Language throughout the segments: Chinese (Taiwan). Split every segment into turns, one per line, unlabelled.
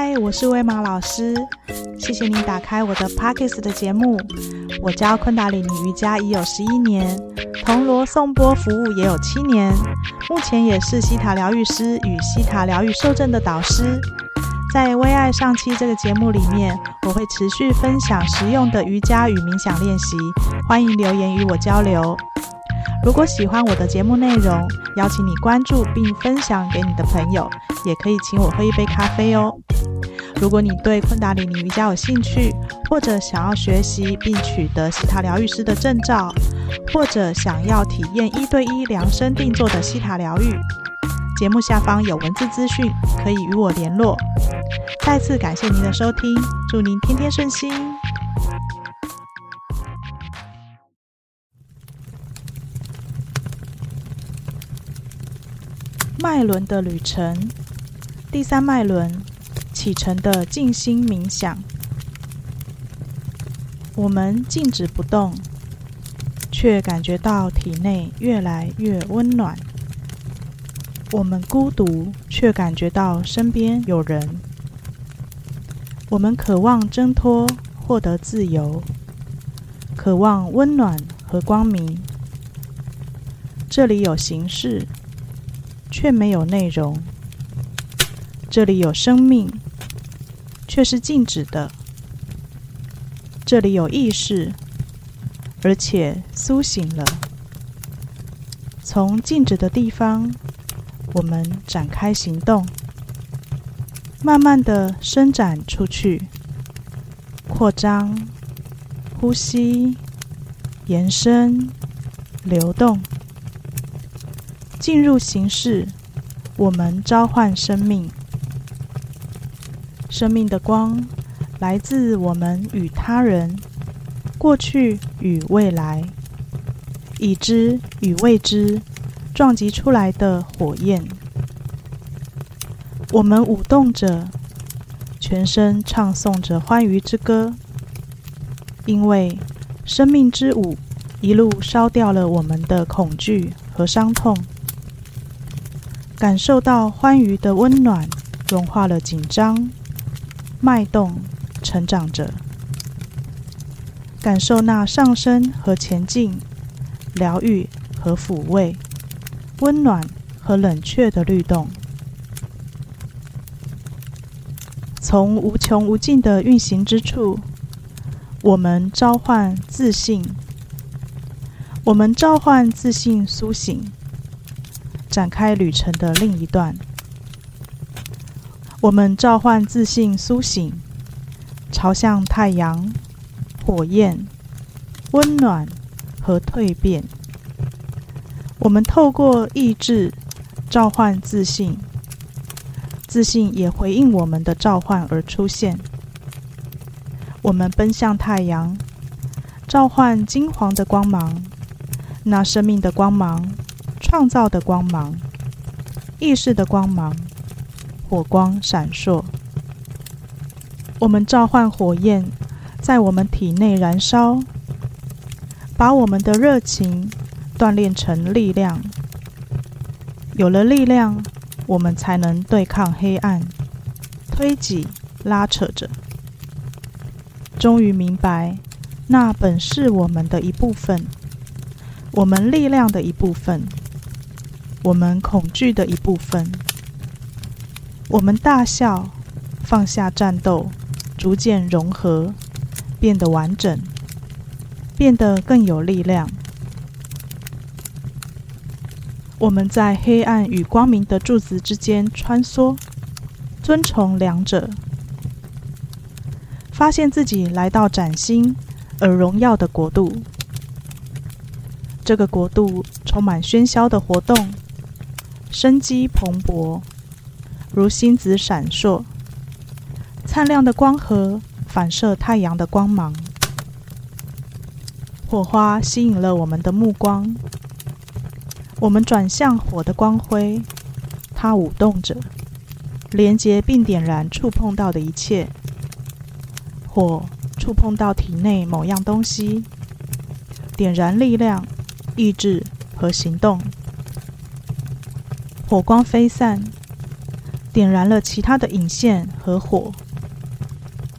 嗨，Hi, 我是葳瑪老師，謝謝您打開我的 Podcast 的節目。我教昆達里尼瑜伽已有十一年，銅鑼頌缽服務也有七年，目前也是希塔療癒師與希塔療癒受證的導師。在葳愛上七這個節目裡面，我會持續分享實用的瑜伽與冥想練習，歡迎留言與我交流。如果喜歡我的節目內容，邀請你關注並分享給你的朋友，也可以請我喝一杯咖啡哦。如果你對昆達里尼瑜伽有興趣，或者想要學習並取得希塔療癒師的證照，或者想要體驗一對一量身定做的希塔療癒，節目下方有文字資訊，可以與我聯絡。再次感謝您的收聽，祝您天天順心。脈輪的旅程，第三脈輪，啟程的靜心冥想。我們靜止不動，卻感覺到體內越來越溫暖。我們孤獨，卻感覺到身邊有人。我們渴望掙脫，獲得自由，渴望溫暖和光明。這裡有形式。卻沒有內容。這裡有生命，卻是靜止的。這裡有意識，而且蘇醒了。從靜止的地方，我們展開行動，慢慢地伸展出去，擴張、呼吸、延伸、流動。進入形式，我們召喚生命。生命的光來自我們與他人、過去與未來、已知與未知撞擊出來的火焰。我們舞動着，全身唱誦着歡愉之歌，因為生命之舞一路燒掉了我們的恐懼和傷痛。感受到歡愉的溫暖融化了緊張，脈動成長着。感受那上升和前進，療癒和撫慰，溫暖和冷卻的律動。從無窮無盡的運行之處，我們召喚自信。我們召喚自信甦醒。展開旅程的另一段，我們召喚自信甦醒，朝向太陽、火焰、溫暖和蛻變。我們透過意志召喚自信，自信也回應我們的召喚而出現。我們奔向太陽，召喚金黃的光芒，那生命的光芒。創造的光芒，意識的光芒，火光閃爍。我們召喚火焰在我們體內燃燒，把我們的熱情鍛煉成力量。有了力量，我們才能對抗黑暗，推擠、拉扯着。終於明白，那本是我們的一部分，我們力量的一部分。我們恐懼的一部分。我們大笑，放下戰鬥，逐漸融合，變得完整，變得更有力量。我們在黑暗與光明的柱子之間穿梭，遵從兩者，發現自己來到嶄新而榮耀的國度。這個國度充滿喧囂的活動。生機蓬勃，如星子閃爍，燦亮的光和反射太陽的光芒。火花吸引了我們的目光，我們轉向火的光輝，它舞動着，連接並點燃觸碰到的一切。火觸碰到體內某樣東西，點燃力量、意志和行動。火光飛散，點燃了其他的引線和火，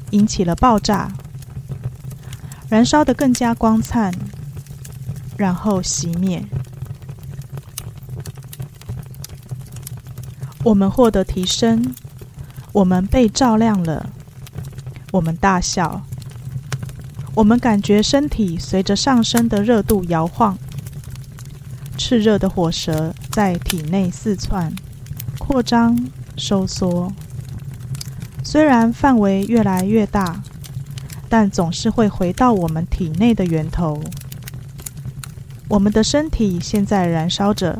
引起了爆炸，燃燒得更加光燦，然後熄滅。我們獲得提升，我們被照亮了，我們大笑，我們感覺身體隨着上升的熱度搖晃。熾熱的火舌在體內四竄，擴張、收縮。雖然範圍越來越大，但總是會回到我們體內的源頭。我們的身體現在燃燒着，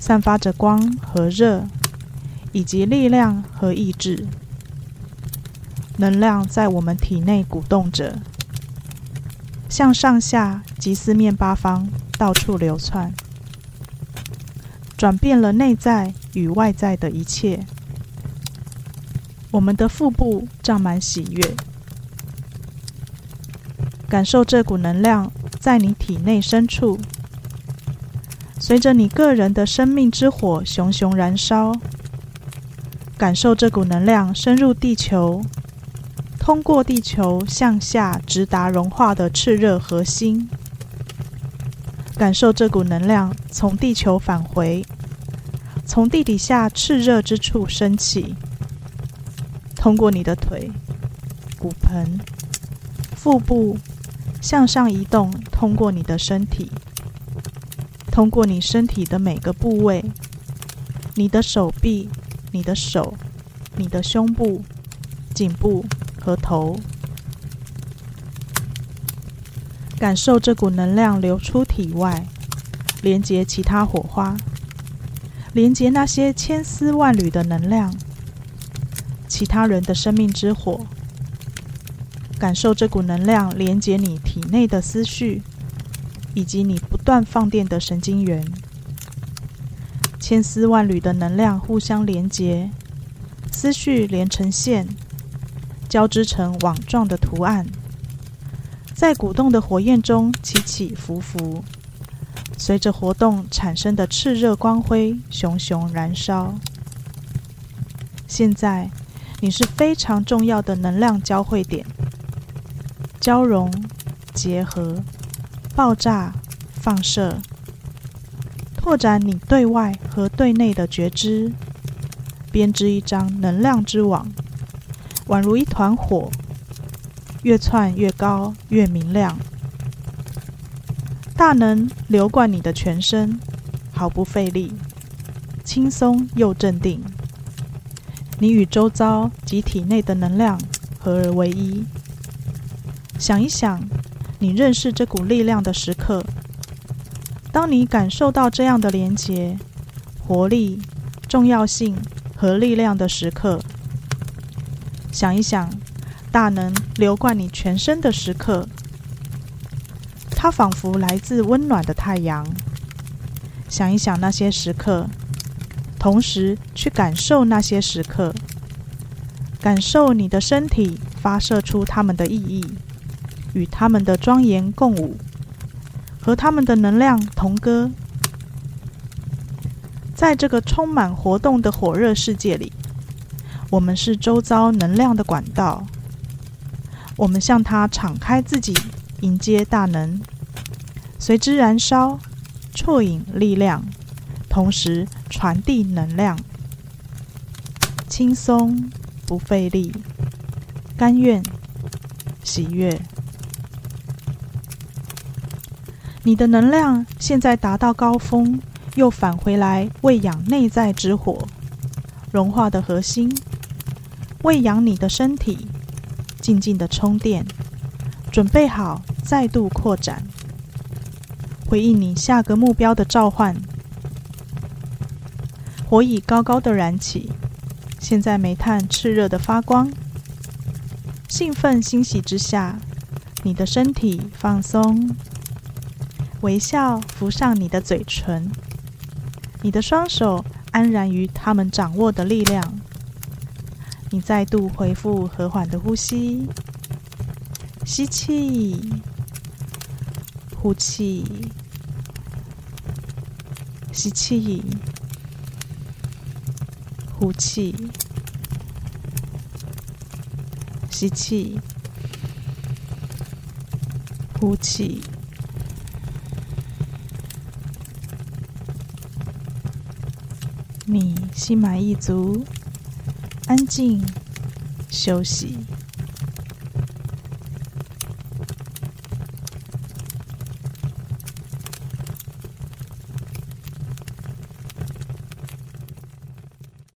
散發着光和熱，以及力量和意志。能量在我們體內鼓動着，向上下及四面八方。到處流竄，轉變了內在與外在的一切。我們的腹部脹滿喜悅，感受這股能量在你體內深處，隨着你個人的生命之火熊熊燃燒。感受這股能量深入地球，通過地球向下直達融化的熾熱核心。感受這股能量從地球返回，從地底下熾熱之處升起，通過你的腿、骨盆、腹部向上移動，通過你的身體，通過你身體的每個部位，你的手臂、你的手、你的胸部、頸部和頭。感受這股能量流出體外，連接其他火花，連接那些千絲萬縷的能量，其他人的生命之火。感受這股能量連接你體內的思緒，以及你不斷放電的神經元。千絲萬縷的能量互相連接，思緒連成線，交織成網狀的圖案。在鼓動的火焰中起起伏伏，隨着活動產生的熾熱光輝熊熊燃燒。現在，你是非常重要的能量交匯點，交融、結合、爆炸、放射，拓展你對外和對內的覺知，編織一張能量之網，宛如一團火。越竄越高，越明亮。大能流貫你的全身，毫不費力，輕鬆又鎮定。你與周遭及體內的能量合而為一。想一想，你認識這股力量的時刻；當你感受到這樣的連結、活力、重要性和力量的時刻，想一想。大能流貫你全身的時刻，它仿佛來自溫暖的太陽。想一想那些時刻，同時去感受那些時刻，感受你的身體發射出它們的意義，與它們的莊嚴共舞，和它們的能量同歌。在這個充滿活動的火熱世界裡，我們是周遭能量的管道。我們向它敞開自己，迎接大能，隨之燃燒，啜飲力量，同時傳遞能量，輕鬆不費力，甘願喜悅。你的能量現在達到高峰，又返回來餵養內在之火，融化的核心，餵養你的身體。靜靜的充電，準備好再度擴展，回應你下個目標的召喚。火已高高的燃起，現在煤炭熾熱的發光。興奮欣喜之下，你的身體放鬆，微笑浮上你的嘴唇，你的雙手安然於他們掌握的力量。你再度恢復和緩的呼吸，吸氣，呼氣，吸氣，呼氣，吸氣，呼氣。你心滿意足。安靜，休息。